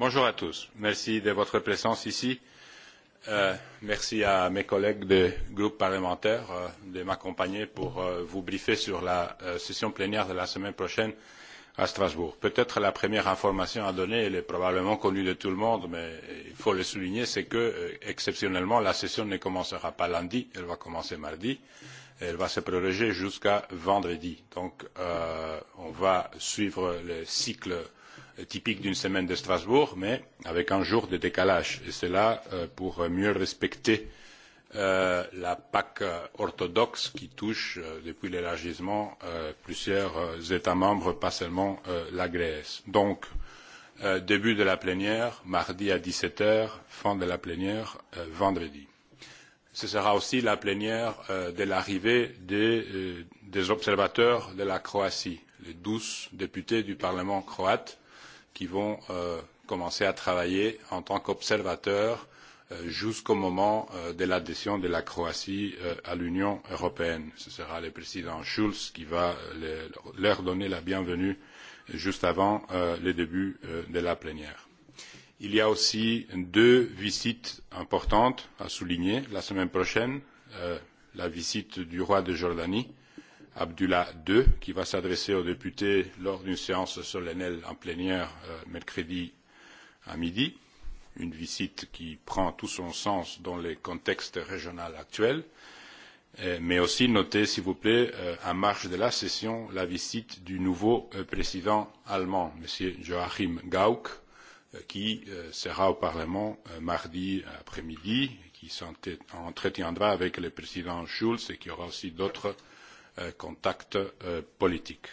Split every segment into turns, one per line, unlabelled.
Bonjour à tous. Merci de votre présence ici. merci à mes collègues du groupe parlementaire de m'accompagner pour vous briefer sur la session plénière de la semaine prochaine à Strasbourg. Peut-être la première information à donner, elle est probablement connue de tout le monde, mais il faut le souligner, c'est que, exceptionnellement, la session ne commencera pas lundi, elle va commencer mardi, et elle va se prolonger jusqu'à vendredi. Donc, on va suivre le cycle typique d'une semaine de Strasbourg, mais avec un jour de décalage. Et cela pour mieux respecter la PAC orthodoxe qui touche depuis l'élargissement plusieurs États membres, pas seulement la Grèce. Donc, début de la plénière, mardi à dix sept heures, fin de la plénière, vendredi. Ce sera aussi la plénière de l'arrivée des observateurs de la Croatie, les douze députés du Parlement croate qui vont commencer à travailler en tant qu'observateurs jusqu'au moment de l'adhésion de la Croatie à l'Union européenne. Ce sera le président Schulz qui va leur donner la bienvenue juste avant le début de la plénière. Il y a aussi deux visites importantes à souligner la semaine prochaine la visite du roi de Jordanie Abdullah II, qui va s'adresser aux députés lors d'une séance solennelle en plénière mercredi à midi, une visite qui prend tout son sens dans le contexte régional actuel, mais aussi notez, s'il vous plaît, en marge de la session, la visite du nouveau président allemand, M. Joachim Gauck, qui sera au Parlement mardi après-midi, qui s'entretiendra avec le président Schulz et qui aura aussi d'autres contact politique.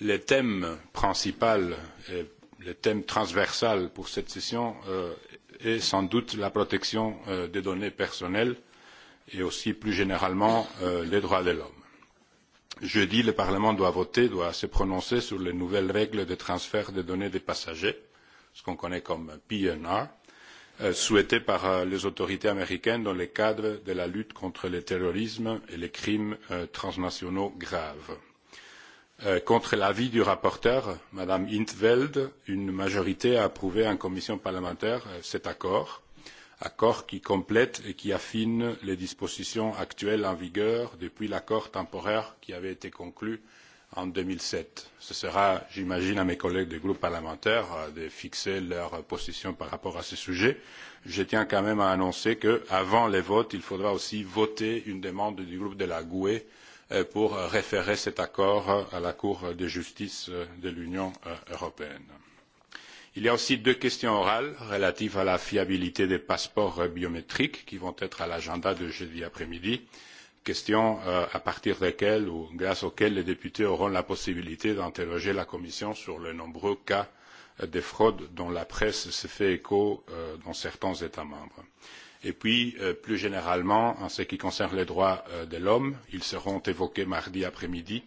Le thème principal et le thème transversal pour cette session est sans doute la protection des données personnelles et aussi plus généralement les droits de l'homme. Jeudi, le Parlement doit voter, doit se prononcer sur les nouvelles règles de transfert des données des passagers, ce qu'on connaît comme PNR, souhaitée par les autorités américaines dans le cadre de la lutte contre le terrorisme et les crimes transnationaux graves. Contre l'avis du rapporteur, Mme in 't Veld, une majorité a approuvé en commission parlementaire cet accord, accord qui complète et qui affine les dispositions actuelles en vigueur depuis l'accord temporaire qui avait été conclu en deux mille sept. Ce sera, j'imagine, à mes collègues des groupes parlementaires de fixer leur position par rapport à ce sujet. Je tiens quand même à annoncer qu'avant les votes, il faudra aussi voter une demande du groupe de la GUE pour référer cet accord à la Cour de justice de l'Union européenne. Il y a aussi deux questions orales relatives à la fiabilité des passeports biométriques qui vont être à l'agenda de jeudi après-midi questions à partir desquelles ou grâce auxquelles les députés auront la possibilité d'interroger la Commission sur les nombreux cas de fraude dont la presse se fait écho dans certains États membres. Et puis, plus généralement, en ce qui concerne les droits de l'homme, ils seront évoqués mardi après-midi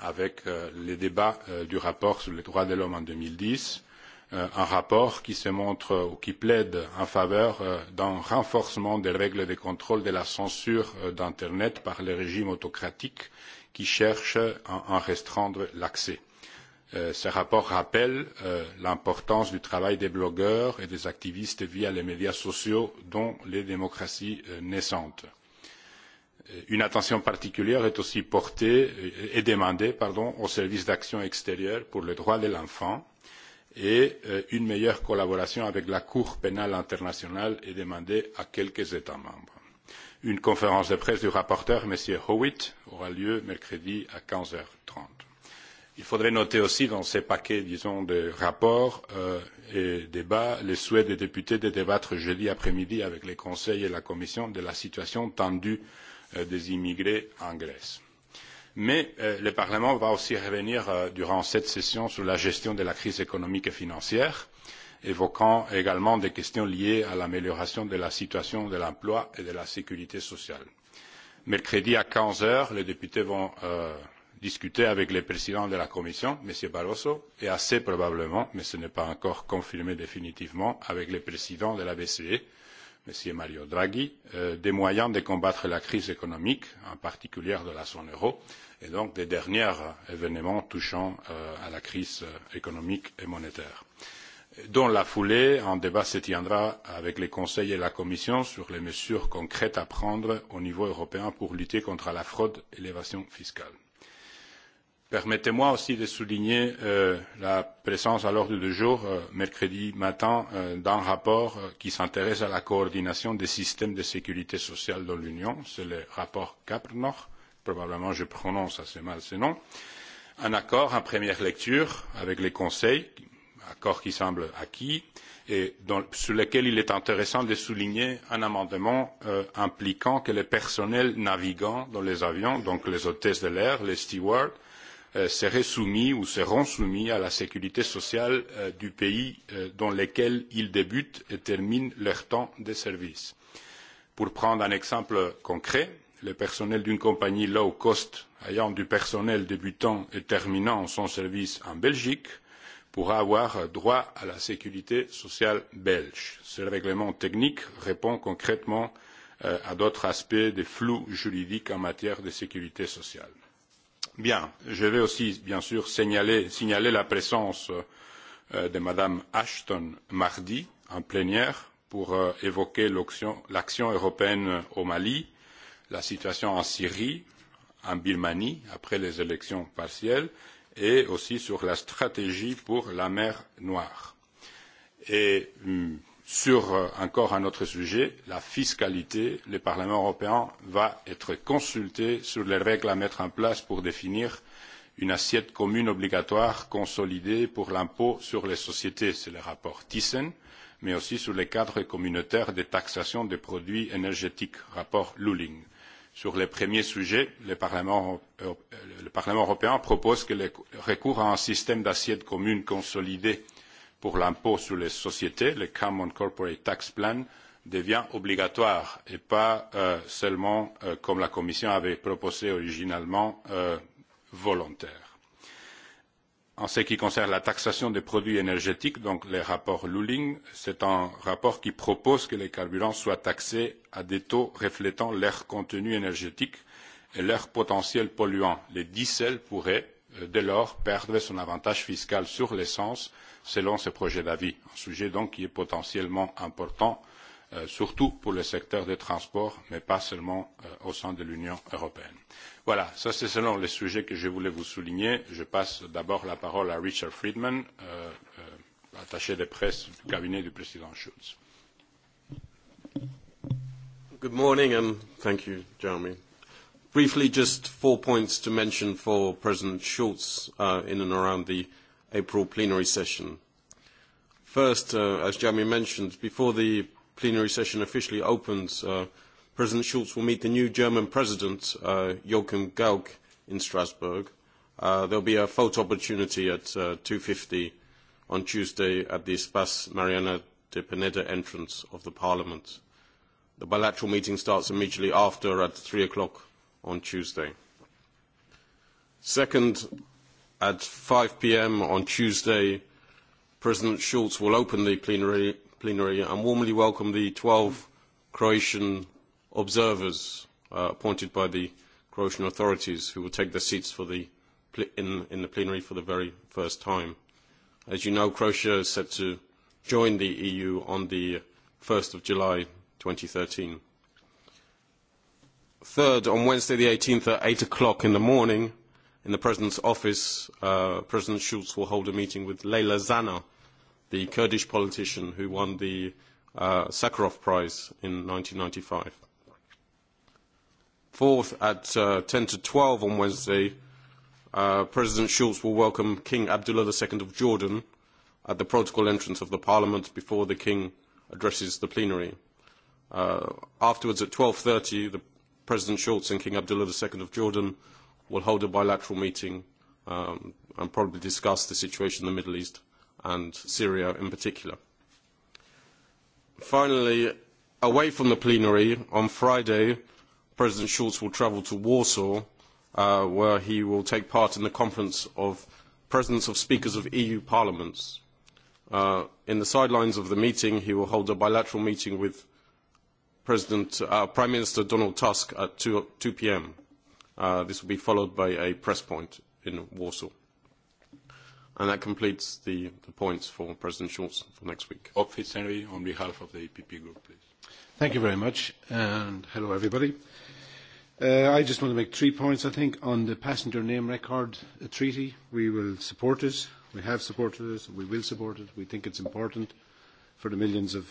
avec les débats du rapport sur les droits de l'homme en deux mille dix un rapport qui se montre ou qui plaide en faveur d'un renforcement des règles de contrôle de la censure d'Internet par les régimes autocratiques qui cherchent à en restreindre l'accès. ce rapport rappelle l'importance du travail des blogueurs et des activistes via les médias sociaux dans les démocraties naissantes. Une attention particulière est aussi portée et demandée aux services d'action extérieure pour les droits de l'enfant et une meilleure collaboration avec la Cour pénale internationale est demandée à quelques États membres. Une conférence de presse du rapporteur, M. Howitt, aura lieu mercredi à quinze heures trente. Il faudrait noter aussi dans ces paquets, disons, de rapports et débats, le souhait des députés de débattre jeudi après-midi avec les conseils et la Commission de la situation tendue des immigrés en Grèce mais le Parlement va aussi revenir durant cette session sur la gestion de la crise économique et financière, évoquant également des questions liées à l'amélioration de la situation de l'emploi et de la sécurité sociale. Mercredi à quinze heures, les députés vont discuter avec le président de la Commission, M. Barroso, et assez probablement, mais ce n'est pas encore confirmé définitivement, avec le président de la BCE, M. Mario Draghi, des moyens de combattre la crise économique, en particulier de la zone euro, et donc des derniers événements touchant à la crise économique et monétaire. Dans la foulée, un débat se tiendra avec le Conseil et la Commission sur les mesures concrètes à prendre au niveau européen pour lutter contre la fraude et l'évasion fiscales. Permettez moi aussi de souligner la présence à l'ordre du jour, mercredi matin, d'un rapport qui s'intéresse à la coordination des systèmes de sécurité sociale dans l'Union. C'est le rapport Caprnor, probablement je prononce assez mal ce nom. Un accord en première lecture avec le Conseil, accord qui semble acquis, et sur lequel il est intéressant de souligner un amendement impliquant que le personnel navigant dans les avions, donc les hôtesses de l'air, les stewards, seraient soumis ou seront soumis à la sécurité sociale du pays dans lequel ils débutent et terminent leur temps de service. Pour prendre un exemple concret, le personnel d'une compagnie low cost ayant du personnel débutant et terminant son service en Belgique pourra avoir droit à la sécurité sociale belge. Ce règlement technique répond concrètement à d'autres aspects des flous juridiques en matière de sécurité sociale. Bien, je vais aussi, bien sûr, signaler, la présence de Mme Ashton mardi en plénière pour évoquer l'action européenne au Mali, la situation en Syrie, en Birmanie, après les élections partielles, et aussi sur la stratégie pour la mer Noire. Et Sur encore un autre sujet, la fiscalité, le Parlement européen va être consulté sur les règles à mettre en place pour définir une assiette commune obligatoire consolidée pour l'impôt sur les sociétés, c'est le rapport Thyssen, mais aussi sur les cadres communautaires de taxation des produits énergétiques, rapport Lulling. Sur les premiers sujets, le Parlement, européen propose que le recours à un système d'assiette commune consolidée pour l'impôt sur les sociétés, le Common Corporate Tax Plan, devient obligatoire et pas seulement, comme la Commission avait proposé originalement, volontaire. En ce qui concerne la taxation des produits énergétiques, donc le rapport Luling, c'est un rapport qui propose que les carburants soient taxés à des taux reflétant leur contenu énergétique et leur potentiel polluant. Le diesel pourrait, dès lors, perdre son avantage fiscal sur l'essence selon ce projet d'avis. Un sujet donc qui est potentiellement important, surtout pour le secteur des transports, mais pas seulement au sein de l'Union européenne. Voilà, ça c'est selon les sujets que je voulais vous souligner. Je passe d'abord la parole à Richard Friedman, attaché de presse du cabinet du président Schulz.
Good morning and thank you, Jeremy. Briefly, just four points to mention for President Schulz in and around the April plenary session. First, as Jeremy mentioned, before the plenary session officially opens, President Schulz will meet the new German President, Joachim Gauck, in Strasbourg. There will be a photo opportunity at two fifty on Tuesday at the Espace Mariana de Pineda entrance of the Parliament. The bilateral meeting starts immediately after at three o'clock on Tuesday. Second, At five p.m. on Tuesday, President Schulz will open the plenary, and warmly welcome the twelve Croatian observers appointed by the Croatian authorities who will take their seats for the, in, in the plenary for the very first time. As you know, Croatia is set to join the EU on the 1st of July thirteen. Third, on Wednesday the 18th at eight o'clock in the morning, In the President's office, President Schulz will hold a meeting with Leyla Zana, the Kurdish politician who won the Sakharov Prize in ninety five. Fourth, at uh, 10 to 12 on Wednesday, President Schulz will welcome King Abdullah II of Jordan at the protocol entrance of the Parliament before the King addresses the plenary. afterwards, at twelve thirty, President Schulz and King Abdullah II of Jordan will hold a bilateral meeting um, and probably discuss the situation in the Middle East and Syria in particular. Finally, away from the plenary, on Friday, President Schulz will travel to Warsaw, where he will take part in the conference of presidents of speakers of EU parliaments. in the sidelines of the meeting, he will hold a bilateral meeting with President, Prime Minister Donald Tusk at two p.m This will be followed by a press point in Warsaw. And that completes the
points for President Schulz for next week. Bob Fitzhenry on behalf of the EPP Group, please.
Thank you very much, and hello, everybody. I just want to make three points, I think, on the passenger name record treaty. We will support it. We have supported it. We will support it. We think it's important for the millions of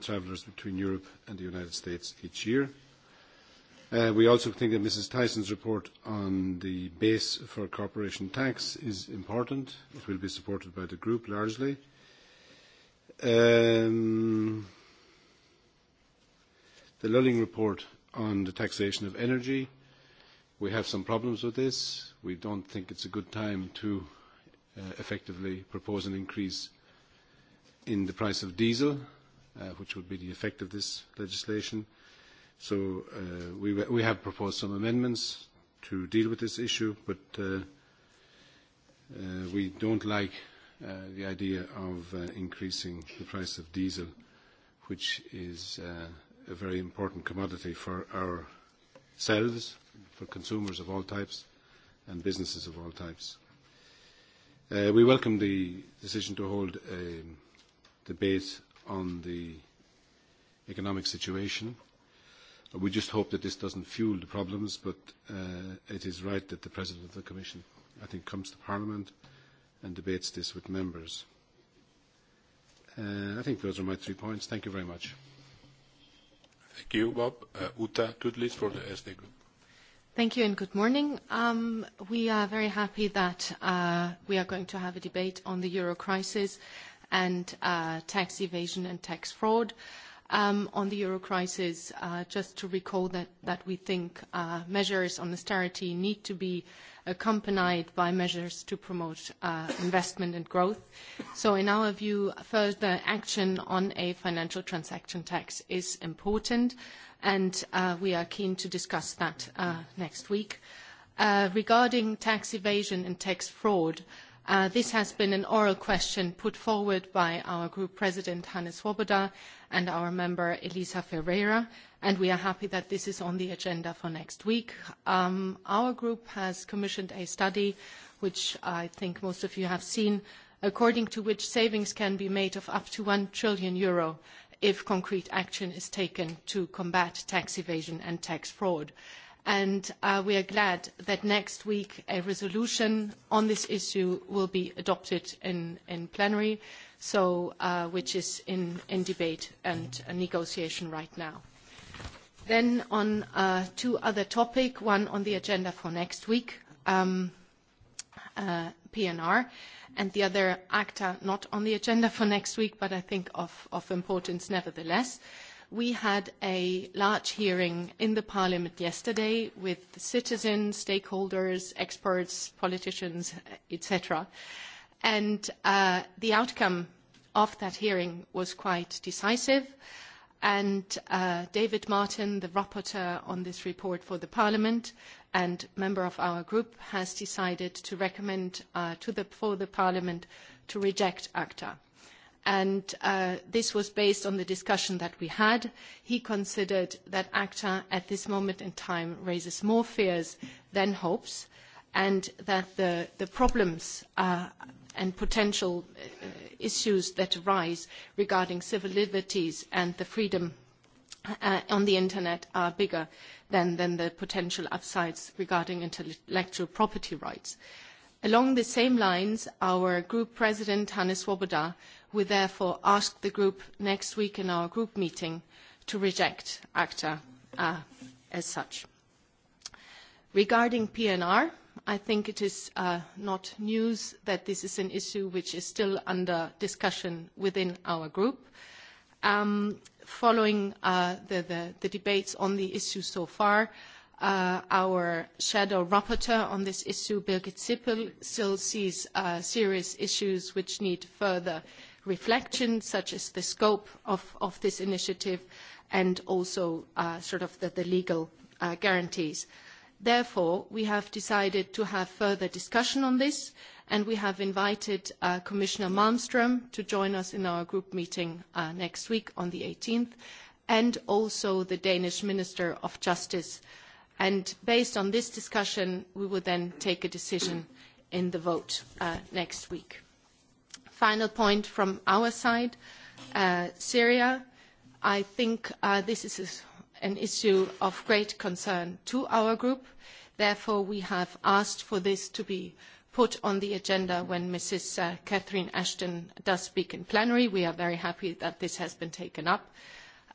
travellers between Europe and the United States each year we also think that Mrs. Tyson's report on the base for corporation tax is important. It will be supported by the group largely. the Lulling report on the taxation of energy. We have some problems with this. We don't think it's a good time to effectively propose an increase in the price of diesel, which would be the effect of this legislation. Uh, So we have proposed some amendments to deal with this issue, but we don't like the idea of increasing the price of diesel, which is a very important commodity for ourselves, for consumers of all types, and businesses of all types. We welcome the decision to hold a debate on the economic situation We just hope that this doesn't fuel the problems, but it is right that the President of the Commission, I think, comes to Parliament and debates this with members. I think those are my three points. Thank you very much.
Thank you, Bob. Uta Tudlis for the SD Group.
Thank you and good morning. We are very happy that we are going to have a debate on the euro crisis and tax evasion and tax fraud. On the euro crisis, just to recall that we think measures on austerity need to be accompanied by measures to promote investment and growth. So in our view, further action on a financial transaction tax is important, and we are keen to discuss that next week. Regarding tax evasion and tax fraud, This has been an oral question put forward by our Group President, Hannes Swoboda, and our member, Elisa Ferreira, and we are happy that this is on the agenda for next week. Our group has commissioned a study, which I think most of you have seen, according to which savings can be made of up to 1 trillion euro if concrete action is taken to combat tax evasion and tax fraud and we are glad that next week a resolution on this issue will be adopted in plenary, which is in debate and negotiation right now. Then on two other topics, one on the agenda for next week, PNR, and the other ACTA, not on the agenda for next week, but I think of importance nevertheless. We had a large hearing in the parliament yesterday with citizens, stakeholders, experts, politicians, etc. And uh, the outcome of that hearing was quite decisive. And uh, David Martin, the rapporteur on this report for the Parliament and member of our group, has decided to recommend uh, to the, for the Parliament to reject ACTA and this was based on the discussion that we had. He considered that ACTA at this moment in time raises more fears than hopes, and that the, the problems and potential issues that arise regarding civil liberties and the freedom on the internet are bigger than, than the potential upsides regarding intellectual property rights. Along the same lines, our group president, Hannes Swoboda, We therefore ask the group next week in our group meeting to reject ACTA as such. Regarding PNR, I think it is not news that this is an issue which is still under discussion within our group. Following the debates on the issue so far, our shadow rapporteur on this issue, Birgit Sippel, still sees serious issues which need further reflection, such as the scope of this initiative and also sort of the legal guarantees. Therefore, we have decided to have further discussion on this, and we have invited Commissioner Malmström to join us in our group meeting next week on the 18th, and also the Danish Minister of Justice. And based on this discussion, we will then take a decision in the vote next week. Final point from our side, Syria. I think this is an issue of great concern to our group. Therefore, we have asked for this to be put on the agenda when Mrs. Catherine Ashton does speak in plenary. We are very happy that this has been taken up.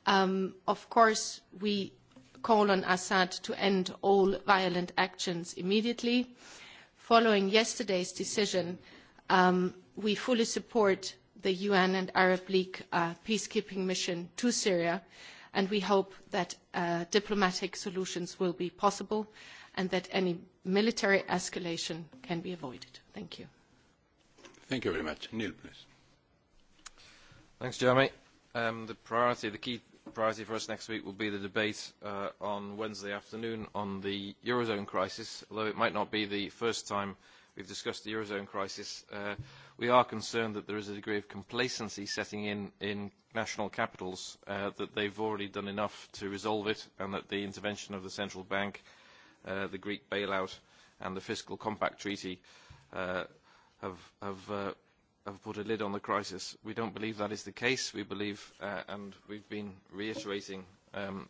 of course, we call on Assad to end all violent actions immediately. Following yesterday's decision, we fully support the UN and Arab League peacekeeping mission to Syria, and we hope that diplomatic solutions will be possible and that any military escalation can be avoided. Thank you.
Thank you very much. Neil, please.
Thanks, Jeremy. the priority, the key priority for us next week will be the debate uh, on Wednesday afternoon on the Eurozone crisis, although it might not be the first time we've discussed the Eurozone crisis. Uh, we are concerned that there is a degree of complacency setting in in national capitals uh, that they've already done enough to resolve it and that the intervention of the central bank, uh, the Greek bailout and the fiscal compact treaty uh, have, have, uh, have put a lid on the crisis. We don't believe that is the case. We believe, uh, and we've been reiterating um,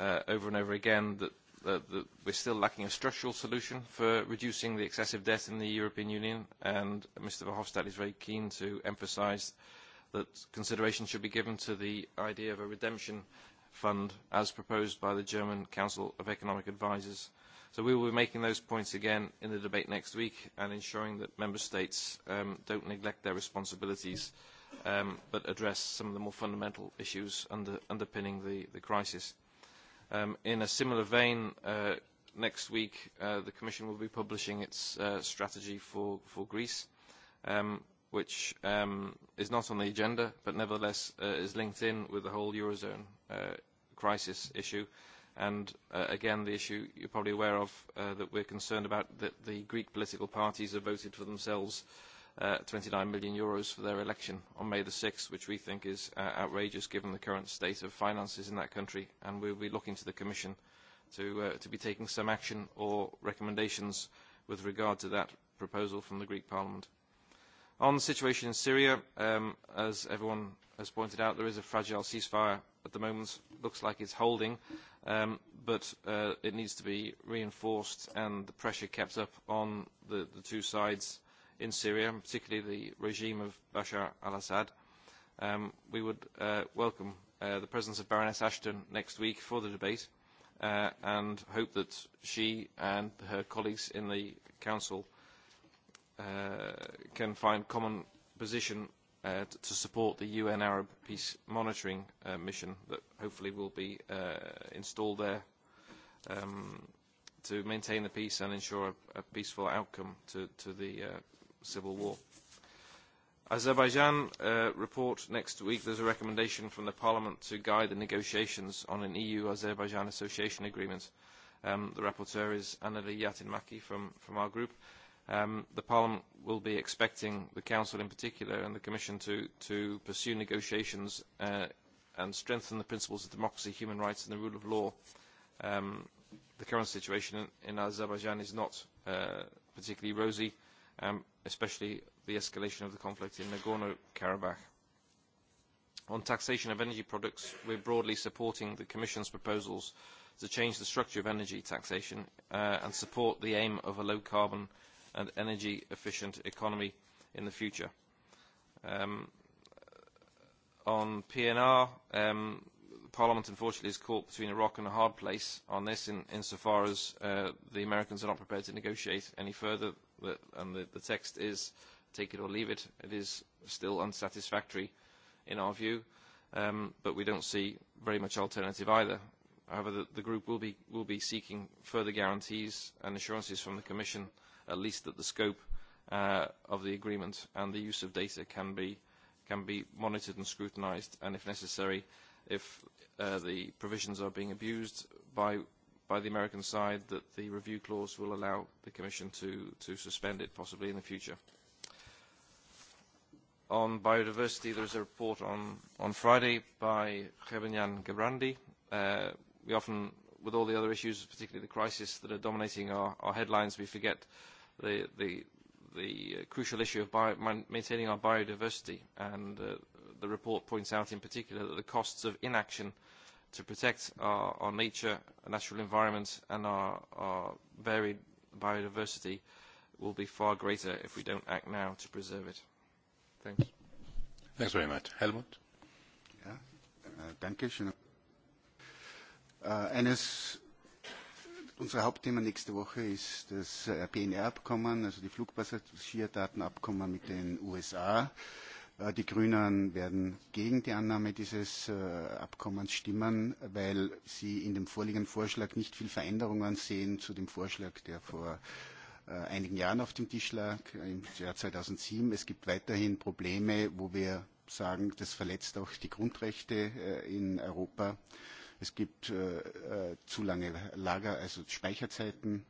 uh, over and over again, that that we're still lacking a structural solution for reducing the excessive debt in the European Union, and Mr Verhofstadt is very keen to emphasise that consideration should be given to the idea of a redemption fund as proposed by the German Council of Economic Advisers. So we will be making those points again in the debate next week and ensuring that member states um, don't neglect their responsibilities um, but address some of the more fundamental issues under, underpinning the, the crisis. Um in a similar vein, uh next week uh the Commission will be publishing its uh strategy for, for Greece, um, which um is not on the agenda, but nevertheless uh is linked in with the whole Eurozone uh crisis issue. And uh again, the issue you're probably aware of uh that we're concerned about, that the Greek political parties have voted for themselves uh, uh, 29 million euros for their election on May the 6th, which we think is uh, outrageous given the current state of finances in that country, and we'll be looking to the Commission to, uh, to be taking some action or recommendations with regard to that proposal from the Greek Parliament. On the situation in Syria, um, as everyone has pointed out, there is a fragile ceasefire at the moment. Looks like it's holding, um, but uh, it needs to be reinforced and the pressure kept up on the, the two sides in Syria, and particularly the regime of Bashar al-Assad. Um, we would uh, welcome uh, the presence of Baroness Ashton next week for the debate uh, and hope that she and her colleagues in the Council uh, can find common position uh, to support the UN Arab Peace Monitoring uh, Mission that hopefully will be uh, installed there um, to maintain the peace and ensure a, a peaceful outcome to, to the uh, civil war. Azerbaijan uh, report next week, there's a recommendation from the Parliament to guide the negotiations on an EU-Azerbaijan association agreement. Um, the rapporteur is Anneli Yatinmaki from, from our group. Um, the Parliament will be expecting the Council in particular and the Commission to, to pursue negotiations uh, and strengthen the principles of democracy, human rights and the rule of law. Um, the current situation in, in Azerbaijan is not uh, particularly rosy um, especially the escalation of the conflict in Nagorno-Karabakh. On taxation of energy products, we're broadly supporting the Commission's proposals to change the structure of energy taxation uh, and support the aim of a low-carbon and energy-efficient economy in the future. Um, on PNR, um, Parliament unfortunately is caught between a rock and a hard place on this in, insofar as uh, the Americans are not prepared to negotiate any further and the, the text is take it or leave it. It is still unsatisfactory in our view, um, but we don't see very much alternative either. However, the, the group will be, will be seeking further guarantees and assurances from the Commission, at least that the scope uh, of the agreement and the use of data can be, can be monitored and scrutinised, and if necessary, if uh, the provisions are being abused by by the American side that the review clause will allow the Commission to, to suspend it possibly in the future. On biodiversity, there is a report on, on Friday by Khebanyan Gabrandi. Uh, we often, with all the other issues, particularly the crisis that are dominating our, our headlines, we forget the, the, the crucial issue of bio, maintaining our biodiversity. And uh, the report points out in particular that the costs of inaction uh, to protect our, our nature, our natural environment, and our, our varied biodiversity will be far greater if we don't act now to preserve it. Thanks. Thanks very much.
Helmut? Ja, äh, danke schön. Äh, eines unserer Hauptthemen nächste Woche ist das PNR-Abkommen, also die Flugpassagierdatenabkommen mit den USA. Äh, Die Grünen werden gegen die Annahme dieses Abkommens stimmen, weil sie in dem vorliegenden Vorschlag nicht viel Veränderungen sehen zu dem Vorschlag, der vor einigen Jahren auf dem Tisch lag, im Jahr 2007. Es gibt weiterhin Probleme, wo wir sagen, das verletzt auch die Grundrechte in Europa. Es gibt zu lange Lager, also Speicherzeiten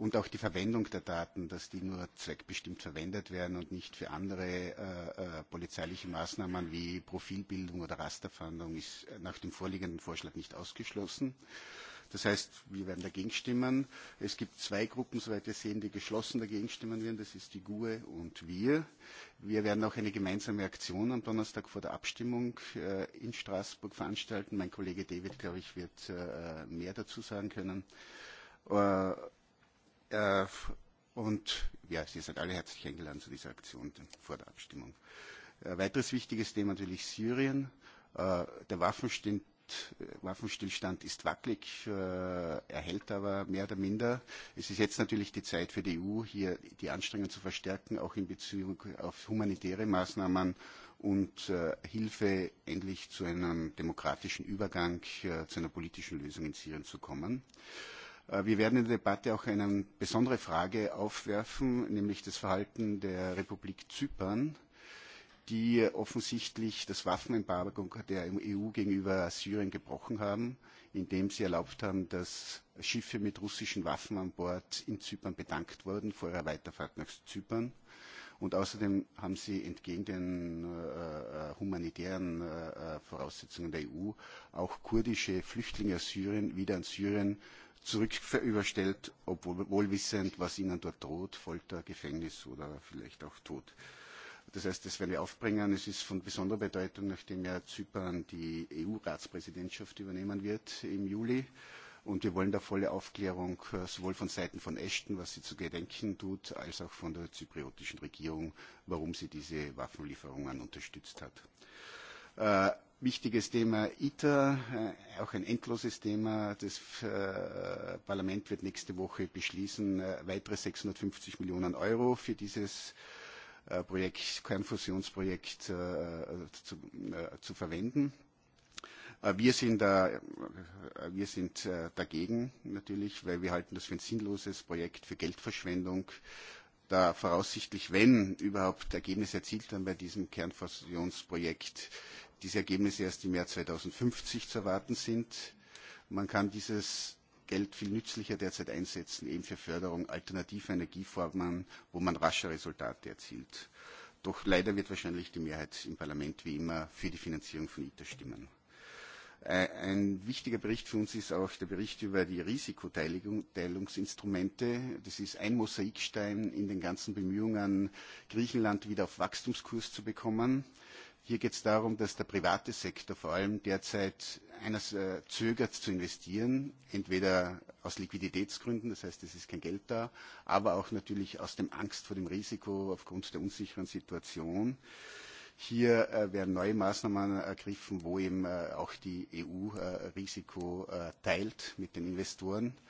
und auch die Verwendung der Daten, dass die nur zweckbestimmt verwendet werden und nicht für andere polizeiliche Maßnahmen wie Profilbildung oder Rasterfahndung ist nach dem vorliegenden Vorschlag nicht ausgeschlossen. Das heißt, wir werden dagegen stimmen. Es gibt zwei Gruppen, soweit wir sehen, die geschlossen dagegen stimmen werden. Das ist die GUE und wir. Wir werden auch eine gemeinsame Aktion am Donnerstag vor der Abstimmung in Straßburg veranstalten. Mein Kollege David, glaube ich, wird mehr dazu sagen können und ja, Sie sind alle herzlich eingeladen zu dieser Aktion vor der Abstimmung. Ein weiteres wichtiges Thema natürlich Syrien. der Waffenstand Waffenstillstand ist wackelig, erhält aber mehr oder minder. Es ist jetzt natürlich die Zeit für die EU, hier die Anstrengungen zu verstärken, auch in Bezug auf humanitäre Maßnahmen und Hilfe, endlich zu einem demokratischen Übergang, zu einer politischen Lösung in Syrien zu kommen. Wir werden in der Debatte auch eine besondere Frage aufwerfen, nämlich das Verhalten der Republik Zypern, die offensichtlich das Waffenembargo der EU gegenüber Syrien gebrochen haben, indem sie erlaubt haben, dass Schiffe mit russischen Waffen an Bord in Zypern bedankt wurden vor ihrer Weiterfahrt nach Zypern. Und außerdem haben sie entgegen den humanitären Voraussetzungen der EU auch kurdische Flüchtlinge aus Syrien wieder an Syrien zurücküberstellt, obwohl wohlwissend, was ihnen dort droht, Folter, Gefängnis oder vielleicht auch Tod. Das heißt, das werde ich aufbringen. Es ist von besonderer Bedeutung, nachdem ja Zypern die EU-Ratspräsidentschaft übernehmen wird im Juli. Und wir wollen da volle Aufklärung sowohl von Seiten von Ashton, was sie zu gedenken tut, als auch von der zypriotischen Regierung, warum sie diese Waffenlieferungen unterstützt hat Wichtiges Thema ITER, auch ein endloses Thema. Das Parlament wird nächste Woche beschließen, weitere 650 Millionen Euro für dieses Projekt, Kernfusionsprojekt zu, verwenden. Wir sind, wir sind dagegen natürlich, weil wir halten das für ein sinnloses Projekt für Geldverschwendung da voraussichtlich, wenn überhaupt Ergebnisse erzielt werden bei diesem Kernfusionsprojekt, diese Ergebnisse erst im Jahr 2050 zu erwarten sind. Man kann dieses Geld viel nützlicher derzeit einsetzen, eben für Förderung alternativer Energieformen, wo man rascher Resultate erzielt. Doch leider wird wahrscheinlich die Mehrheit im Parlament wie immer für die Finanzierung von ITER stimmen. Ein wichtiger Bericht für uns ist auch der Bericht über die Risikoteilungsinstrumente. Das ist ein Mosaikstein in den ganzen Bemühungen, Griechenland wieder auf Wachstumskurs zu bekommen. Hier geht es darum, dass der private Sektor vor allem derzeit eines zögert zu investieren, entweder aus Liquiditätsgründen, das heißt, es ist kein Geld da, aber auch natürlich aus dem Angst vor dem Risiko aufgrund der unsicheren Situation. Hier werden neue Maßnahmen ergriffen, wo eben auch die EU Risiko teilt mit den Investoren. Äh,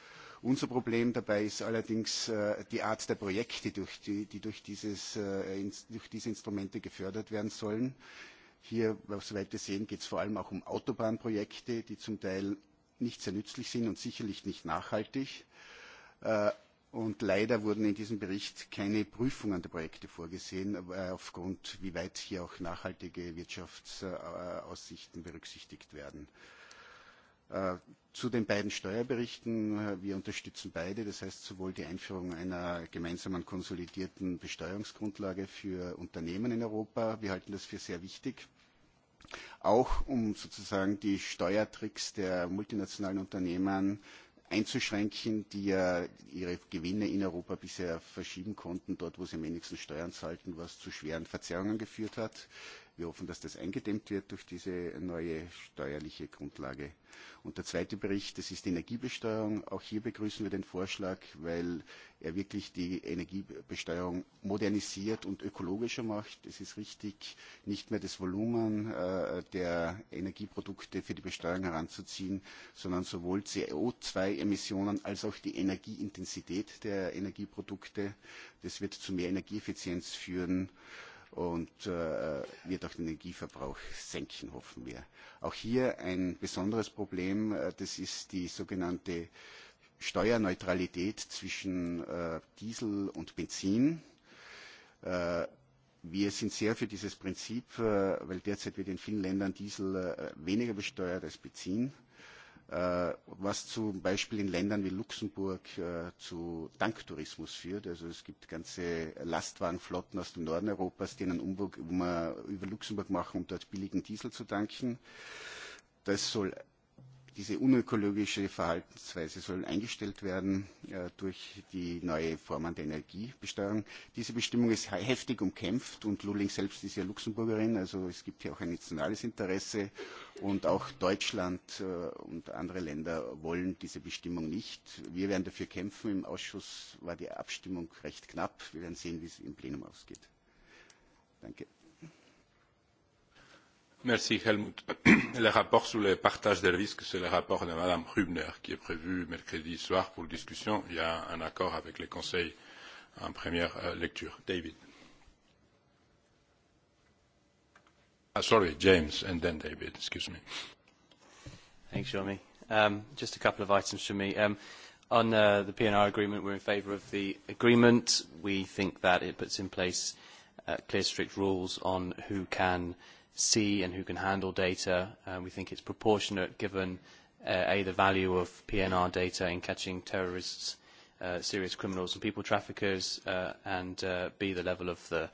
Unser Problem dabei ist allerdings die Art der Projekte, die durch diese Instrumente gefördert werden sollen. Hier, soweit wir sehen, geht es vor allem auch um Autobahnprojekte, die zum Teil nicht sehr nützlich sind und sicherlich nicht nachhaltig. Und leider wurden in diesem Bericht keine Prüfungen der Projekte vorgesehen, aufgrund, wie weit hier auch nachhaltige Wirtschaftsaussichten berücksichtigt werden. Zu den beiden Steuerberichten. Wir unterstützen beide. Das heißt sowohl die Einführung einer gemeinsamen konsolidierten Besteuerungsgrundlage für Unternehmen in Europa. Wir halten das für sehr wichtig. Auch um sozusagen die Steuertricks der multinationalen Unternehmen einzuschränken, die ja ihre Gewinne in Europa bisher verschieben konnten, dort wo sie am wenigsten Steuern zahlten, was zu schweren Verzerrungen geführt hat. Wir hoffen, dass das eingedämmt wird durch diese neue steuerliche Grundlage. Und der zweite Bericht, das ist die Energiebesteuerung. Auch hier begrüßen wir den Vorschlag, weil er wirklich die Energiebesteuerung modernisiert und ökologischer macht. Es ist richtig, nicht mehr das Volumen der Energieprodukte für die Besteuerung heranzuziehen, sondern sowohl co zwei emissionen als auch die Energieintensität der Energieprodukte. Das wird zu mehr Energieeffizienz führen und wird auch den Energieverbrauch senken, hoffen wir. Auch hier ein besonderes Problem, das ist die sogenannte Steuerneutralität zwischen Diesel und Benzin. Wir sind sehr für dieses Prinzip, weil derzeit wird in vielen Ländern Diesel weniger besteuert als Benzin was zum Beispiel in Ländern wie Luxemburg zu Tanktourismus führt. Also es gibt ganze Lastwagenflotten aus dem Norden Europas, die einen Umweg über Luxemburg machen, um dort billigen Diesel zu tanken. Das soll Diese unökologische Verhaltensweise soll eingestellt werden durch die neue Form der Energiebesteuerung. Diese Bestimmung ist heftig umkämpft und Lulling selbst ist ja Luxemburgerin, also es gibt hier auch ein nationales Interesse und auch Deutschland und andere Länder wollen diese Bestimmung nicht. Wir werden dafür kämpfen. Im Ausschuss war die Abstimmung recht knapp. Wir werden sehen, wie es im Plenum ausgeht. Danke.
Merci Helmut. Le rapport sur le partage des risques, c'est le rapport de Madame Rubner qui est prévu mercredi soir pour discussion. Il y a un accord avec le Conseil en première lecture. David. Ah, sorry, James, and then David. Excuse me. Thanks, Jeremy.
Um, just a couple of items from me. Um, on uh, the PNR agreement, we're in favour of the agreement. We think that it puts in place uh, clear, strict rules on who can see and who can handle data. Uh, we think it's proportionate given uh, A, the value of PNR data in catching terrorists, uh, serious criminals and people traffickers, uh, and uh, B, the level of the,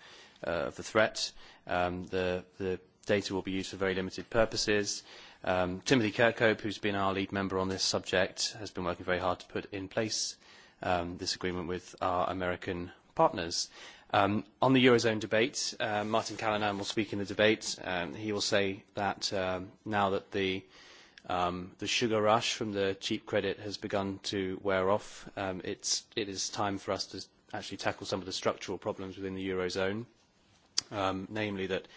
uh, of the threat. Um, the, the data will be used for very limited purposes. Um, Timothy Kirkhope, who's been our lead member on this subject, has been working very hard to put in place um, this agreement with our American partners on the Eurozone debate, Martin Callanan will speak in the debate. he will say that now that the, sugar rush from the cheap credit has begun to wear off, it is time for us to actually tackle some of the structural problems within the Eurozone, namely that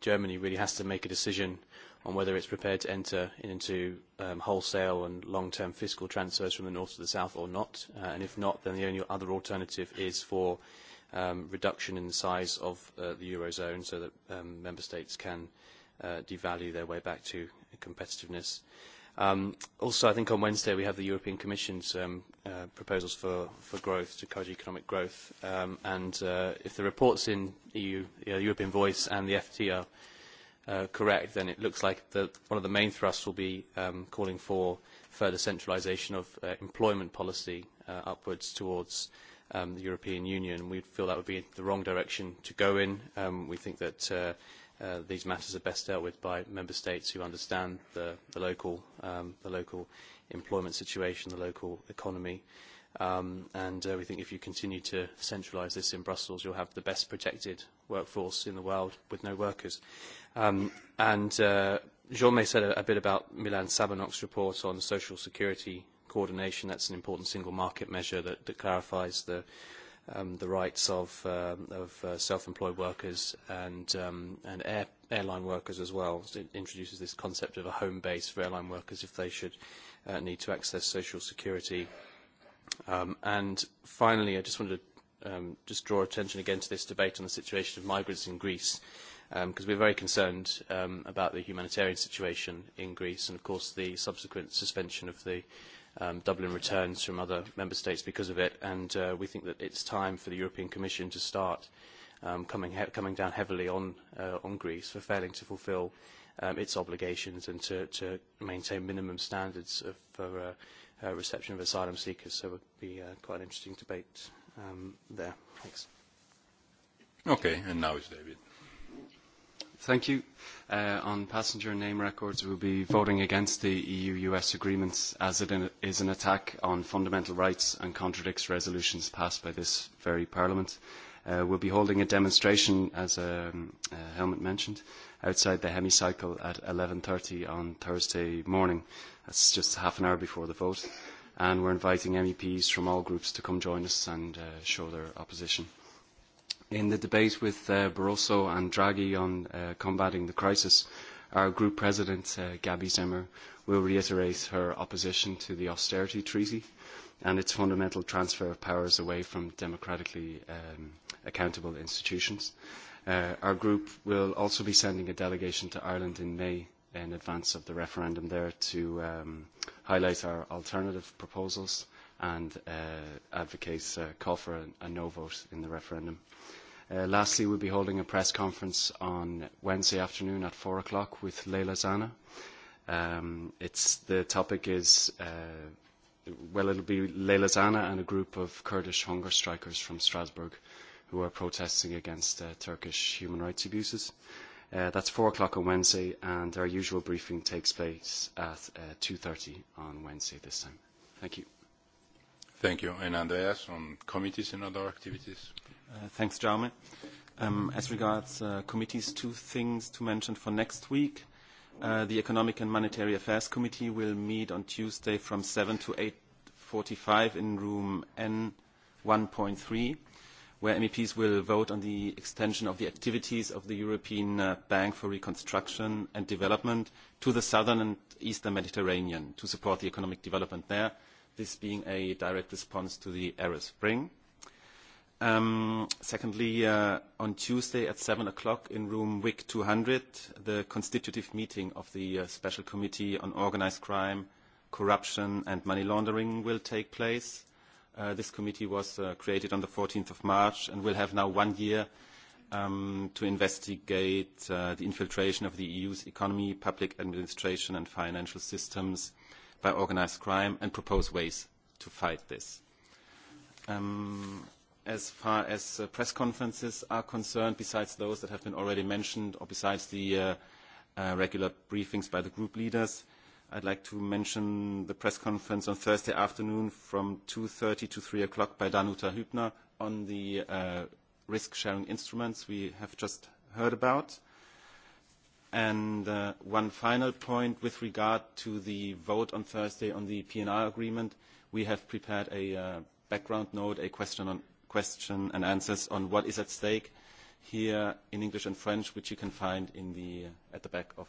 Germany really has to make a decision on whether it's prepared to enter into wholesale and long-term fiscal transfers from the north to the south or not. and if not, then the only other alternative is for um, reduction in the size of uh, the eurozone so that um, member states can uh, devalue their way back to competitiveness. Um, also, I think on Wednesday we have the European Commission's um, uh, proposals for, for growth, to encourage economic growth. Um, and uh, if the reports in EU, uh, European Voice and the FT are uh, correct, then it looks like the, one of the main thrusts will be um, calling for further centralisation of uh, employment policy uh, upwards towards uh, um, the European Union. We feel that would be the wrong direction to go in. Um, we think that uh, uh, these matters are best dealt with by member states who understand the, the, local, um, the local employment situation, the local economy. Um, and uh, we think if you continue to centralise this in Brussels, you'll have the best protected workforce in the world with no workers. Um, and uh, Jean-May said a, a bit about Milan Sabanok's report on social security coordination. That's an important single market measure that, that clarifies the, um, the rights of, uh, of uh, self-employed workers and, um, and air, airline workers as well. It introduces this concept of a home base for airline workers if they should uh, need to access social security. Um, and finally, I just wanted to um, just draw attention again to this debate on the situation of migrants in Greece because we're very concerned about the humanitarian situation in Greece and, of course, the subsequent suspension of the um, Dublin returns from other member states because of it, and uh, we think that it's time for the European Commission to start um, coming, he coming down heavily on, uh, on Greece for failing to fulfil um, its obligations and to, to maintain minimum standards of, for uh, uh, reception of asylum seekers. So it would be uh, quite an interesting debate um, there. Thanks.
Okay, and now is David.
Thank you. Uh, on passenger name records, we'll be voting against the EU-US agreements as it in, is an attack on fundamental rights and contradicts resolutions passed by this very Parliament. Uh, we'll be holding a demonstration, as um, uh, Helmut mentioned, outside the hemicycle at 11.30 on Thursday morning. That's just half an hour before the vote. And we're inviting MEPs from all groups to come join us and uh, show their opposition. In the debate with Barroso and Draghi on combating the crisis, our group president, uh, Gabby Zimmer, will reiterate her opposition to the austerity treaty and its fundamental transfer of powers away from democratically accountable institutions. our group will also be sending a delegation to Ireland in May in advance of the referendum there to highlight our alternative proposals and uh, advocates uh, call for a, a no vote in the referendum. Uh, lastly, we'll be holding a press conference on Wednesday afternoon at 4 o'clock with Leila Zana. Um, it's, the topic is, uh, well, it'll be Leila Zana and a group of Kurdish hunger strikers from Strasbourg who are protesting against uh, Turkish human rights abuses. Uh, that's 4 o'clock on Wednesday, and our usual briefing takes place at uh, 2.30 on Wednesday this time.
Thank you.
Thank you. And Andreas, on committees and other activities?
Thanks, Jaume. As regards committees, two things to mention for next week. The Economic and Monetary Affairs Committee will meet on Tuesday from 7 to 8:45 in room N1.3, where MEPs will vote on the extension of the activities of the European Bank for Reconstruction and Development to the southern and eastern Mediterranean to support the economic development there this being a direct response to the Arab Spring. Um, secondly, uh, on Tuesday at 7 o'clock in room WIC 200, the constitutive meeting of the uh, Special Committee on Organized Crime, Corruption and Money Laundering will take place. Uh, this committee was uh, created on the 14th of March and will have now one year um, to investigate uh, the infiltration of the EU's economy, public administration and financial systems by organised crime and propose ways to fight this. as far as press conferences are concerned, besides those that have been already mentioned, or besides the regular briefings by the group leaders, I'd like to mention the press conference on Thursday afternoon from 2.30 to 3 o'clock by Danuta Hübner on the risk-sharing instruments we have just heard about One final point with regard to the vote on Thursday on the PNR agreement. We have prepared a background note, a question and answers on what is at stake here in English and French, which you can find
at the back of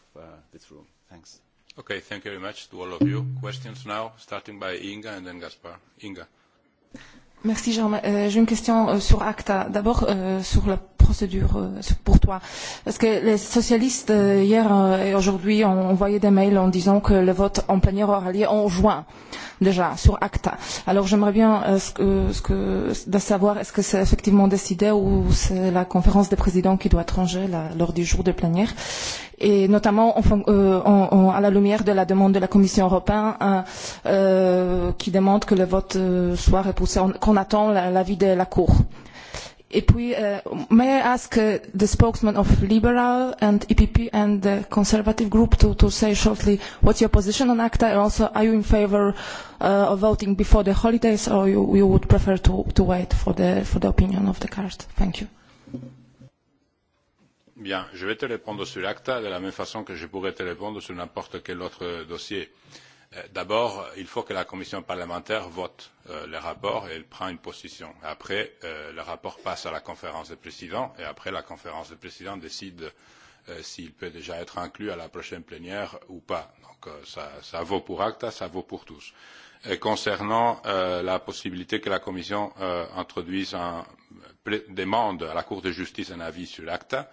this room. Thanks. Okay. Thank you very much to all of you. Questions now, starting by Inga and then Gaspar. Inga.
Merci, Jean. J'ai une question sur ACTA. D'abord, sur la procédure pour toi Parce que les socialistes, hier et aujourd'hui, ont envoyé des mails en disant que le vote en plénière aura lieu en juin, déjà, sur ACTA. Alors j'aimerais bien ce que, ce que, de savoir est-ce que c'est effectivement décidé ou c'est la conférence des présidents qui doit trancher lors du jour de plénière et notamment en, euh, en, en, à la lumière de la demande de la Commission européenne hein, euh, qui demande que le vote soit repoussé, qu'on attend l'avis de la Cour Et puis, uh, may I ask uh, the spokesman of Liberal and EPP and the Conservative group to, to say shortly what's your position on ACTA? And also, are you in favour uh, of voting before the holidays or you, you would prefer to, to wait for the, for the opinion of the card? Thank you.
Bien, je vais te répondre sur l'ACTA de la même façon que je pourrais te répondre sur n'importe quel autre dossier. Euh, D'abord, il faut que la commission parlementaire vote le rapport et elle prend une position. Après, le rapport passe à la conférence des présidents et après, la conférence des présidents décide s'il peut déjà être inclus à la prochaine plénière ou pas. Donc, cela vaut pour ACTA, cela vaut pour tous. concernant la possibilité que la commission introduise demande à la Cour de justice un avis sur l'ACTA,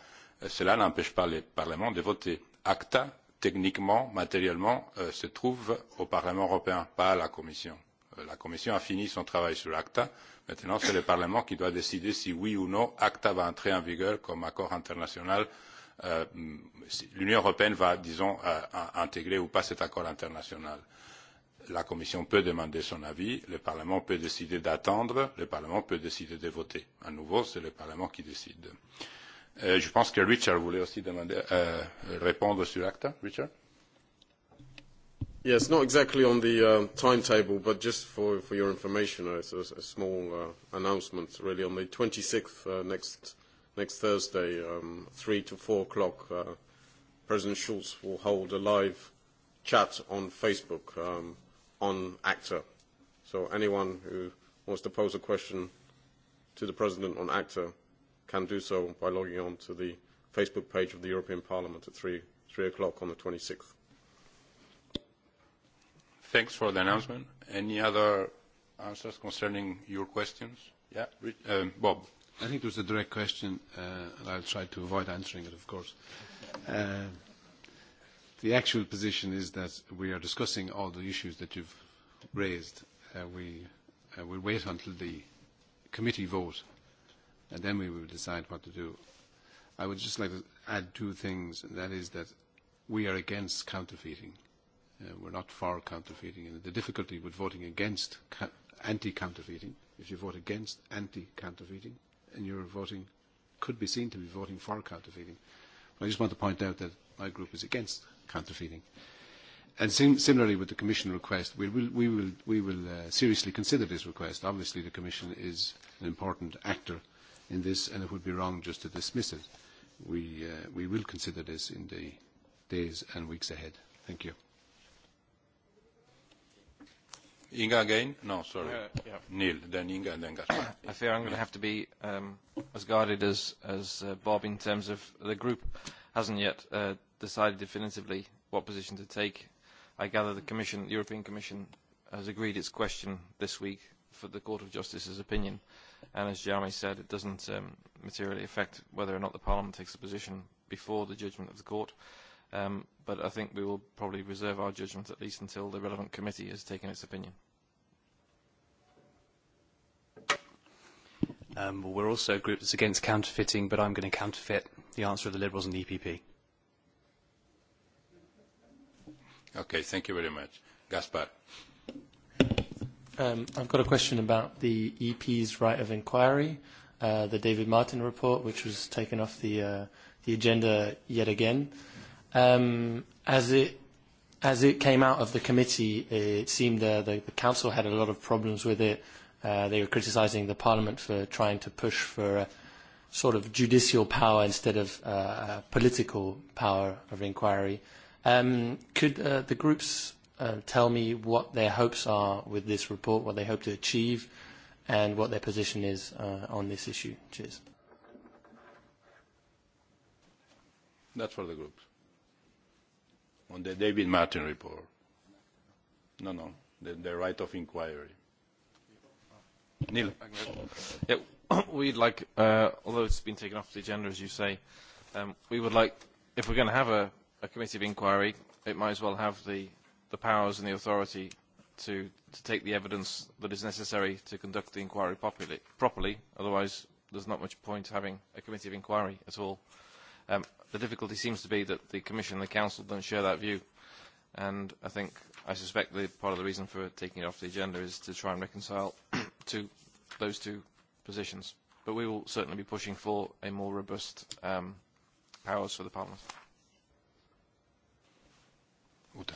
cela n'empêche pas les parlements de voter. ACTA techniquement, matériellement, se trouve au Parlement européen, pas à la Commission. La Commission a fini son travail sur l'ACTA. Maintenant, c'est le Parlement qui doit décider si oui ou non ACTA va entrer en vigueur comme accord international. L'Union européenne va, disons, intégrer ou pas cet accord international. La Commission peut demander son avis, le Parlement peut décider d'attendre, le Parlement peut décider de voter. À nouveau, c'est le Parlement qui décide. Euh, je pense que Richard voulait aussi demander, euh, répondre sur ACTA. Richard? Yes, not exactly on the
uh, timetable, but just for, for your information, uh, it's a, a small uh, announcement really. On the 26th, uh, next, next Thursday, um, 3 to 4 o'clock, uh, President Schulz will hold a live chat on Facebook um, on ACTA. So anyone who wants to pose a question to the President on ACTA can do so by logging on to the Facebook page of the European Parliament
at 3, 3 o'clock on the 26th. Thanks for the announcement. Any other answers concerning your questions? Yeah, um,
Bob. I think it was a direct question, uh, and I'll try to avoid answering it, of course. Uh, the actual position is that we are discussing all the issues that you've raised. Uh, we uh, will wait until the committee vote and then we will decide what to do. I would just like to add two things, and that is that we are against counterfeiting. Uh, we're not for counterfeiting, and the difficulty with voting against anti-counterfeiting, if you vote against anti-counterfeiting, and you're voting, could be seen to be voting for counterfeiting. But I just want to point out that my group is against counterfeiting. And sim similarly with the Commission request, we will, we will, we will uh, seriously consider this request. Obviously the Commission is an important actor in this, and it would be wrong just to dismiss it. We, uh, we will consider this
in the days and weeks ahead. Thank you. Inga again? No, sorry. Uh, yeah. Neil, then Inga, and then Gaspar. I fear I'm going to have to
be um, as guarded as, as uh, Bob in terms of the group hasn't yet uh, decided definitively what position to take. I gather the Commission, European Commission has agreed its question this week for the Court of Justice's opinion. And as Jeremy said, it doesn't um, materially affect whether or not the Parliament takes a position before the judgment of the court. Um, but I think we will probably reserve our judgment at least until the relevant committee has taken its opinion.
Um, well, we're also a group that's against counterfeiting, but I'm going to counterfeit the answer of the Liberals and the EPP.
Okay, thank you very much. Gaspar.
Um, I've got a question about the EP's right of inquiry, uh, the David Martin report, which was taken off the, uh, the agenda yet again. Um, as it as it came out of the committee, it seemed uh, the, the council had a lot of problems with it. Uh, they were criticising the parliament for trying to push for a sort of judicial power instead of uh, political power of inquiry. Um, could uh, the groups uh, tell me what their hopes are with this report, what they hope to achieve, and what their position is uh, on this issue. Cheers.
That's for the groups. On the David Martin report. No, no, the, the right of inquiry. Neil. Yeah,
we'd like, uh, although it's been taken off the agenda, as you say, um, we would like, if we're going to have a, a committee of inquiry, it might as well have the the powers and the authority to, to take the evidence that is necessary to conduct the inquiry properly, properly. Otherwise, there's not much point having a committee of inquiry at all. Um, the difficulty seems to be that the Commission and the Council don't share that view. And I think, I suspect that part of the reason for taking it off the agenda is to try and reconcile to those two positions. But we will certainly be pushing for a more robust um, powers for the Parliament.
Uta.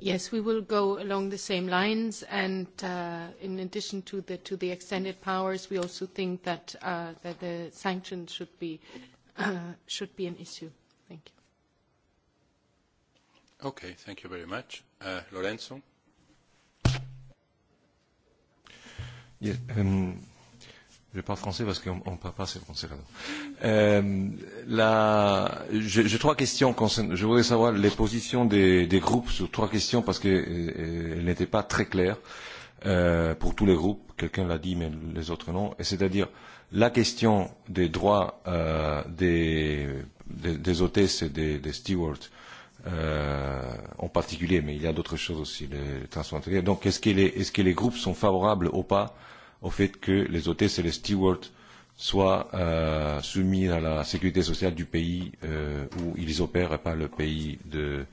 Yes, we will go along the same lines, and uh in addition to the to the extended powers, we also think that uh that the sanctions should be an issue. Thank
you. Okay. Thank you very much. Lorenzo?
Je parle français parce qu'on ne parle pas assez français là-dedans. Euh, j'ai trois questions. Concernant, je voudrais savoir les positions des, des groupes sur trois questions parce qu'elles n'étaient pas très claires euh, pour tous les groupes. Quelqu'un l'a dit, mais les autres non. Et c'est-à-dire la question des droits euh, des, des, des hôtesses et des, des stewards euh, en particulier, mais il y a d'autres choses aussi, les transports intérieurs. Donc, est-ce que, les, est que les groupes sont favorables ou pas au fait que les hôtesses et les stewards soient euh, soumis à la sécurité sociale du pays euh, où ils opèrent et pas le pays de,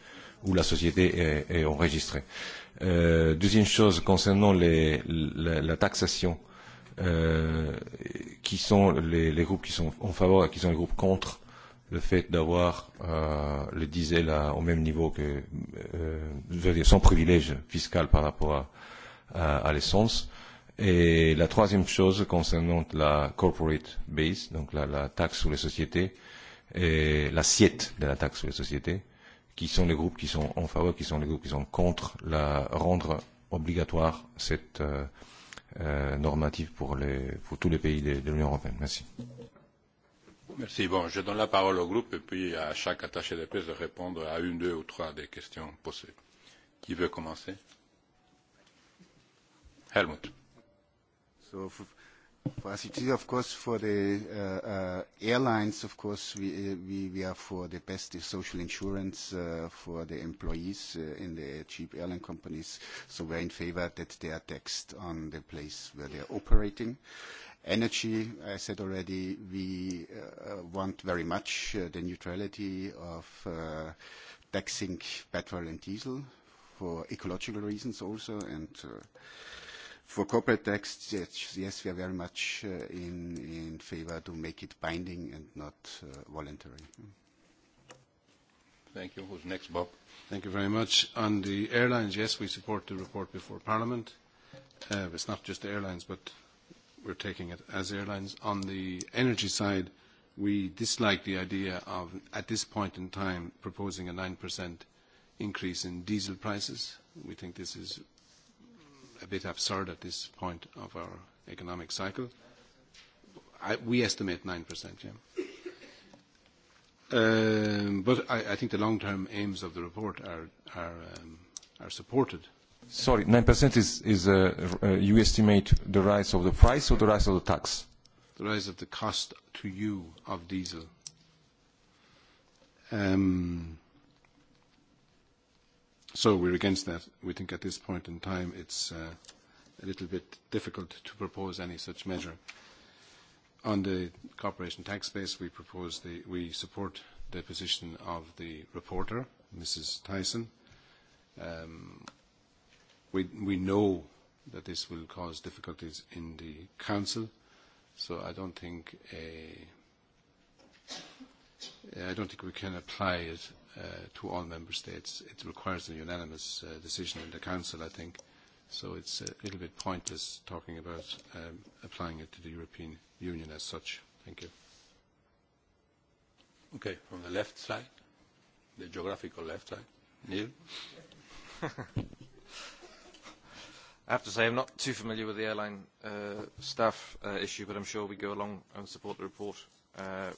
où la société est, est enregistrée. Euh, deuxième chose, concernant les, la, la taxation, euh, qui sont les, les groupes qui sont en faveur et qui sont les groupes contre le fait d'avoir euh, le diesel à, au même niveau que, euh, je veux dire, sans privilège fiscal par rapport à, à, à l'essence Et la troisième chose concernant la corporate base, donc la, la taxe sur les sociétés, et l'assiette de la taxe sur les sociétés, qui sont les groupes qui sont en faveur, qui sont les groupes qui sont contre la rendre obligatoire cette euh, euh, normative pour, les, pour tous les pays de, de l'Union européenne.
Merci. Merci. Bon, je donne la parole au groupe et puis à chaque attaché de presse de répondre à une, deux ou trois des questions posées. Qui veut commencer Helmut. So for
us, it is, of course, for the airlines, of course, we are for the best social insurance for the employees in the cheap airline companies. So we're in favor that they are taxed on the place where they are operating. Energy, I said already, we want very much the neutrality of taxing petrol and diesel for ecological reasons also, and For corporate tax, yes, yes we are very much uh, in, in favor to make it binding and not uh, voluntary.
Thank you. Who's next, Bob? Thank you very much. On the airlines, yes, we support the report before Parliament. Uh, it's not just the airlines, but we're taking it as airlines. On the energy side, we dislike the idea of, at this point in time, proposing a 9% increase in diesel prices. We think this is a bit absurd at this point of our economic cycle. I, we estimate 9%, yeah. Um, but I, I think the long-term aims of the report are, are, um, are supported.
Sorry, 9% is, is uh, uh, you estimate the rise of the price or the rise of the tax?
The rise of the cost to you of diesel.
Um,
So we're against that. We think at this point in time it's uh, a little bit difficult to propose any such measure. On the corporation tax base, we propose the, we support the position of the reporter, Mrs. Tyson. Um, we, we know that this will cause difficulties in the council, so I don't think a, I don't think we can apply it to all member states. It requires a unanimous uh, decision in the Council, I think. So it's a little bit pointless talking about um, applying it to the European Union as such. Thank you.
Okay, from the left side, the geographical left side. Neil? I
have to say I'm not too familiar with the airline uh, staff uh, issue, but I'm sure we go along and support the report uh,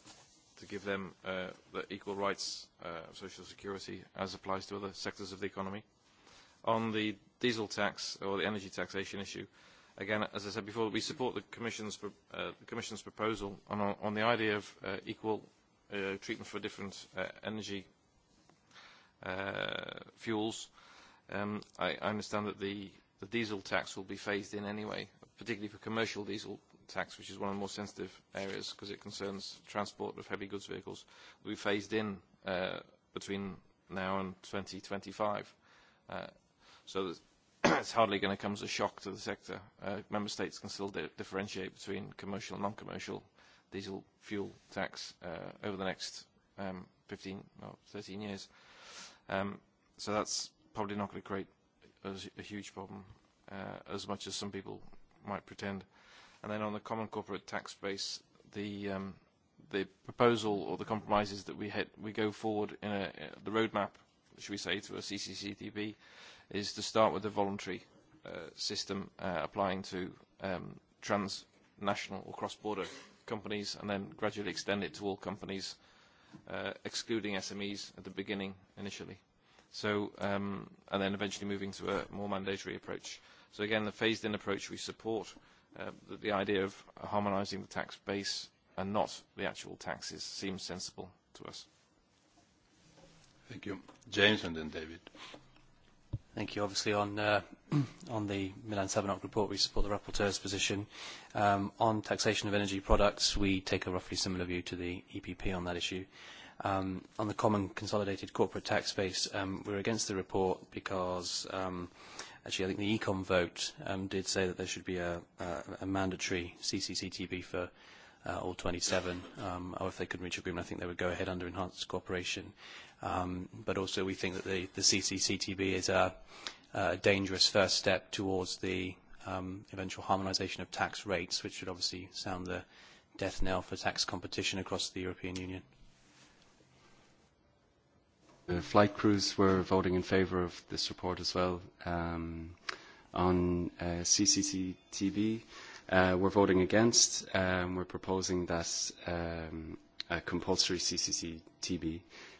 to give them uh, the equal rights uh, of social security as applies to other sectors of the economy. On the diesel tax or the energy taxation issue, again, as I said before, we support the Commission's, uh, the commission's proposal on, on the idea of uh, equal uh, treatment for different uh, energy uh, fuels. Um, I, I understand that the, the diesel tax will be phased in anyway, particularly for commercial diesel tax, which is one of the more sensitive areas because it concerns transport of heavy goods vehicles, will be phased in uh, between now and 2025. Uh, so it's hardly going to come as a shock to the sector. Uh, member states can still di differentiate between commercial and non-commercial diesel fuel tax uh, over the next um, 15 or 13 years. Um, so that's probably not going to create a, a huge problem uh, as much as some people might pretend. And then on the common corporate tax base, the um, the proposal or the compromises that we hit we go forward in a, the roadmap, should we say, to a CCCTB, is to start with a voluntary uh, system uh, applying to um, transnational or cross-border companies, and then gradually extend it to all companies, uh, excluding SMEs at the beginning initially. So, um, and then eventually moving to a more mandatory approach. So again, the phased-in approach we support the idea of harmonising the tax base and not the actual taxes seems sensible to us.
Thank you. James and then David.
Thank you. Obviously, on uh, on the Milan Sabanok report, we support the rapporteur's position. Um, on taxation of energy products, we take a roughly similar view to the EPP on that issue. Um, on the common consolidated corporate tax base, um, we're against the report because um, actually, I think the Econ vote um, did say that there should be a, a, a mandatory CCCTB for uh, all 27, um, or if they couldn't reach agreement, I think they would go ahead under enhanced cooperation. Um, but also, we think that the, the CCCTB is a, a dangerous first step towards the um, eventual harmonisation of tax rates, which would obviously sound the death knell for tax competition across the European Union
flight crews were voting in favour of this report as well. Um, on uh, CCTV, uh, we're voting against. Um, we're proposing that um, a compulsory CCTV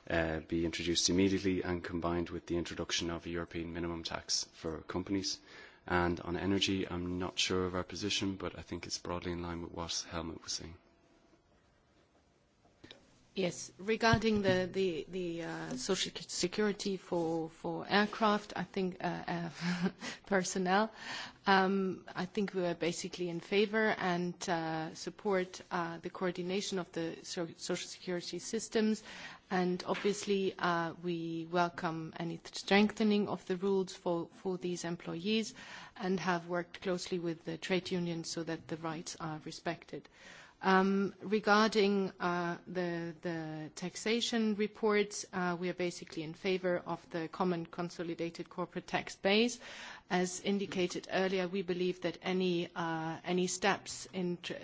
uh, be introduced immediately and combined with the introduction of a European minimum tax for companies. And on energy, I'm not sure of our position, but I think it's broadly in line with what Helmut was saying.
Yes. Regarding the the the uh social security for for aircraft, I think personnel, um I think we are basically in favor and uh support uh the coordination of the social security systems. and Obviously, uh we welcome any strengthening of the rules for for these employees and have worked closely with the trade unions so that the rights are respected. Regarding the taxation report, we are basically in favor of the common consolidated corporate tax base. As indicated earlier, we believe that any steps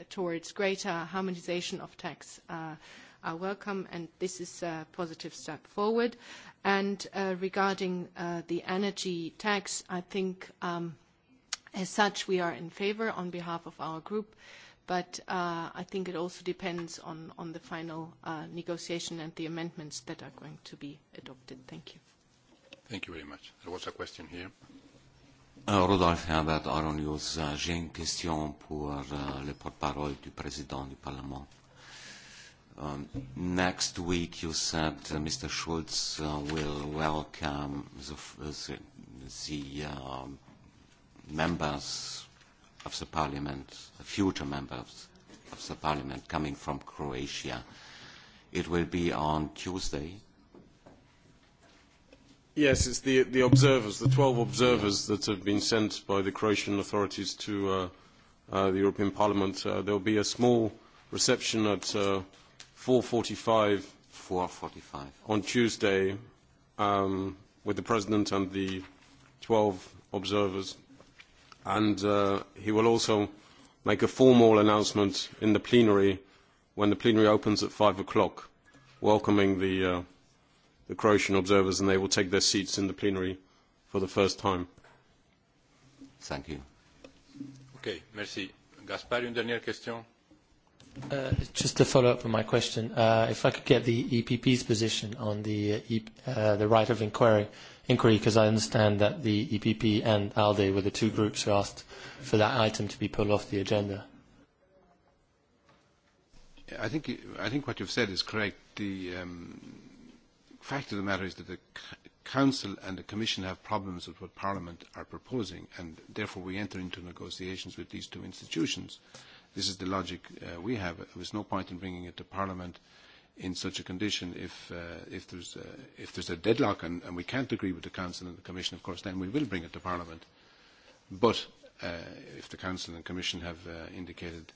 towards greater harmonization of tax are welcome, and this is a positive step forward. And Regarding the energy tax, I think, as such, we are in favor on behalf of our group, but uh, I think it also depends on, on the final uh, negotiation and the amendments that are going to be adopted. Thank you.
Thank you very much. There was a question here.
Rodolphe
Herbert, Aaron News. J'ai une question pour le porte-parole du président du Parlement. Next week, you said Mr. Schulz will welcome the members of the parliament, a future member of, of the parliament coming from Croatia. It will be on Tuesday.
Yes, it's the, the observers, the 12 observers that have been sent by the Croatian authorities to uh, uh, the European Parliament. Uh, there will be a small reception at uh, forty 4.45 on Tuesday um, with the President and the 12 observers and he will also make a formal announcement in the plenary when the plenary opens at five o'clock, welcoming the, Croatian observers, and they will take their seats in the plenary for the first time. Thank you.
Okay, merci. Gaspard, une dernière question
Just to follow up on my question, if I could get the EPP's position on the right of inquiry, because I understand that the EPP and ALDE were the two groups who asked for that item to be pulled off the agenda.
I think I think what you've said is correct. The fact of the matter is that the Council and the Commission have problems with what Parliament are proposing, and therefore we enter into negotiations with these two institutions. This is the logic uh, we have. There no point in bringing it to Parliament in such a condition if, uh, if, there's, uh, if there's a deadlock and, and we can't agree with the Council and the Commission, of course, then we will bring it to Parliament. But uh, if the Council and Commission have uh, indicated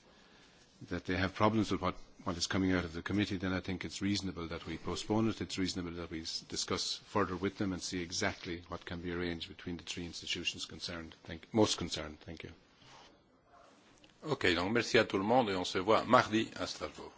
that they have problems with what, what is coming out of the committee, then I think it's reasonable that we postpone it. It's reasonable that we discuss further with them and see exactly what can be arranged between the three institutions concerned, thank, most
concerned. Thank you. Ok, donc merci à tout le monde et on se voit mardi à Strasbourg.